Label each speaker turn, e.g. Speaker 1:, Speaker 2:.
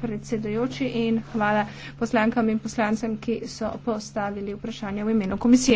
Speaker 1: predsedujoči in hvala poslankam in poslancem, ki so postavili vprašanje v imenu komisije.